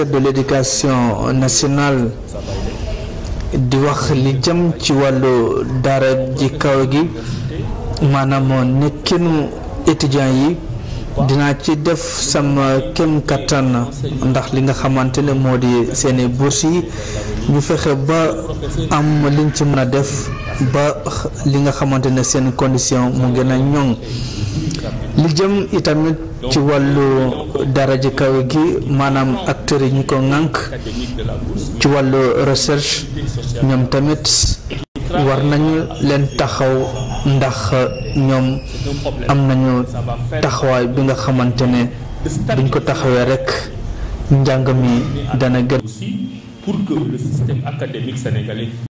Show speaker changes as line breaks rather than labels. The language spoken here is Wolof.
ministère de l'éducation nationale di wax li jëm ci wàllu daara ji kaw gi maanaam nekkinu étudiants yi dinaa ci def sama kem kattan ndax li nga xamante ne moo di seeni bourse yi ñu fexe ba am liñ ci mën a def ba li nga xamante ne seen condition mu gën a ñoŋ li jëm itamit ci wàllu dara ji kawe gi maanaam acteurs yi ñu ko ŋànk ci wàllu recherche ñoom tamit war nañu leen taxaw ndax ñoom am nañu taxawaay bi nga xamante ne buñ ko taxawee rekk njàng mi dana gën
pour que le système académique sénégalais